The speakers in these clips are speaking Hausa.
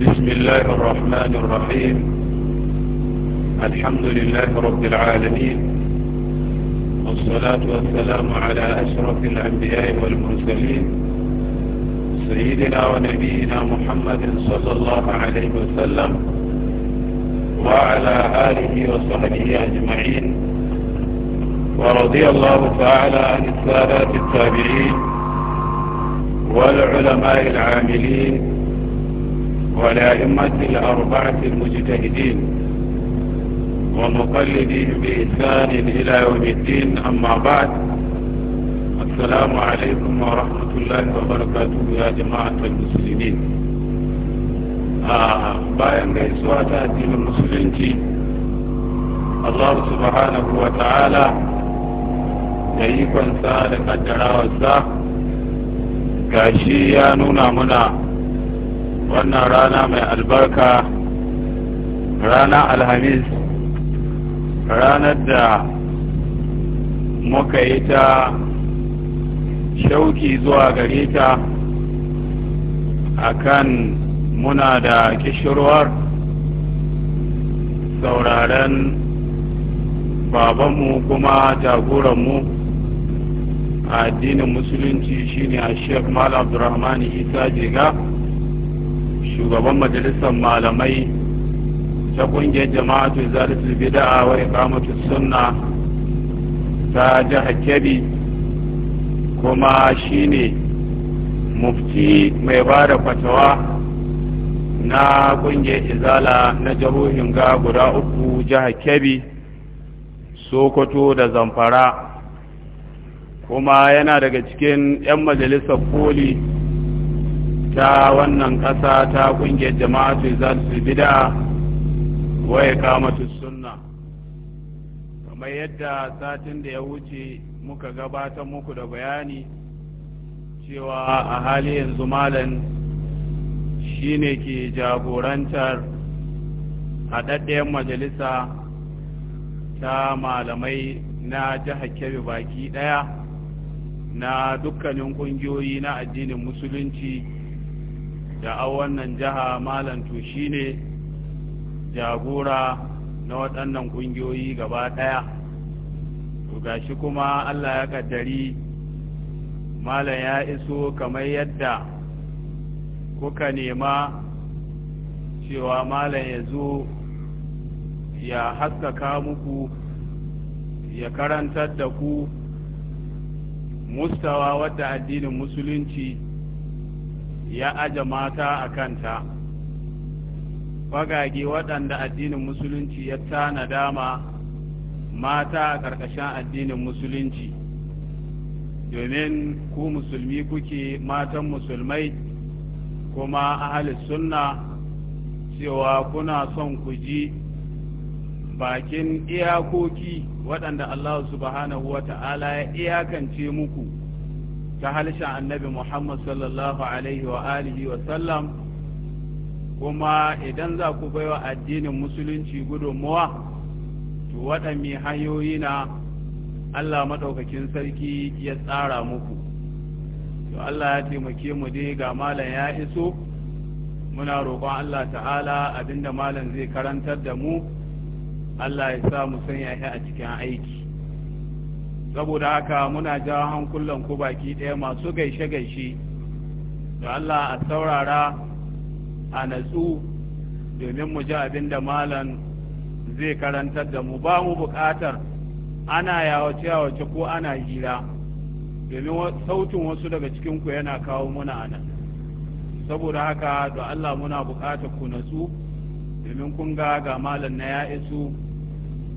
بسم الله الرحمن الرحيم الحمد لله رب العالمين والصلاة والسلام على أشرف الأنبياء والمرسلين سيدنا ونبينا محمد صلى الله عليه وسلم وعلى آله وصحبه أجمعين ورضي الله تعالى عن السادات التابعين والعلماء العاملين والأئمة الأربعة المجتهدين ومقلدهم بإحسان إلى يوم الدين أما بعد السلام عليكم ورحمة الله وبركاته يا جماعة المسلمين آه، باين gaisuwa ta addinin musulunci Allah subhanahu wa ta'ala da ikonsa da kaddarawarsa gashi ya wannan rana mai albarka rana alhamis ranar da muka yi ta shauki zuwa gare ta akan muna da kishirwar sauraren babanmu kuma jagoranmu a addinin musulunci shine a Sheik Malam abdurrahman isa jiga shugaban majalisar malamai ta kungiyar jama'atu zalatul bid'a wa iqamatu sunna ta jihar kebbi kuma shine mufti mai ba da fatawa na kungiyar izala na jihohin ga guda uku jihar kebbi sokoto da zamfara kuma yana daga cikin 'yan majalisar koli ta wannan ƙasa ta ƙungiyar jama'atu za su bida waye kama sunna kamar yadda satin da ya wuce muka gabatar muku da bayani cewa a hali yanzu malam shine ke jagorantar haɗaɗɗen majalisa ta malamai na jihar kebe baki ɗaya na dukkanin ƙungiyoyi na addinin musulunci da wannan jiha malam to shine jagora na waɗannan ƙungiyoyi gaba ɗaya to gashi kuma Allah ya kaddari malam ya iso kamar yadda kuka nema cewa malam ya zo ya haskaka muku ya karantar da ku mustawa wadda addinin musulunci ya aje mata a kanta fagage waɗanda addinin musulunci ya tana dama mata a ƙarƙashin addinin musulunci domin ku musulmi kuke matan musulmai kuma ahalis sunna cewa kuna son ku ji bakin iyakoki waɗanda Allah subhanahu wa ta'ala ya iyakance muku ta halishin annabi Muhammad sallallahu alaihi wa alihi wa sallam kuma idan za ku baiwa addinin musulunci gudunmuwa to waɗanne hanyoyi na Allah maɗaukakin sarki ya tsara muku to Allah ya taimake mu dai ga malam ya iso muna roƙon Allah ta'ala abinda malam zai karantar da mu Allah ya sa mu sanya shi a cikin aiki saboda haka muna ja hankulan ku baki ɗaya masu gaishe-gaishe da Allah a saurara a natsu domin mu ji abin da malam zai karantar da mu ba mu buƙatar ana yawace-yawace ko ana hira domin sautin wasu daga cikin ku yana kawo muna a nan saboda haka da Allah muna buƙatar ku natsu domin kun ga ga malam na ya isu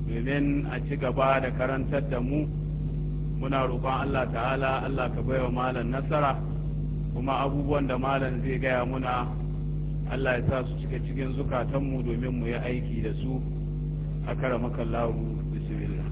domin a ci gaba da karantar da mu. muna roƙon Allah ta'ala Allah ka baiwa malam nasara kuma abubuwan da malam zai gaya muna Allah ya sa su cika cikin zukatanmu domin mu yi aiki da su a kara makallahu bismillah